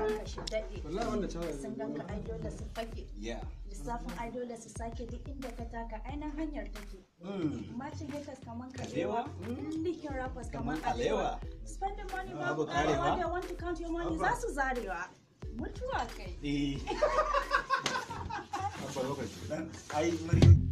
ake shi daɗe sun ganka ai dole su fake lissafin ai dole su sake duk inda ka taka ainihin hanyar take hmm. macin haters kaman kalewa likin hmm. rappers kaman alewa spend money ma ba karewa they want to count your money za su zarewa mutuwa kai eh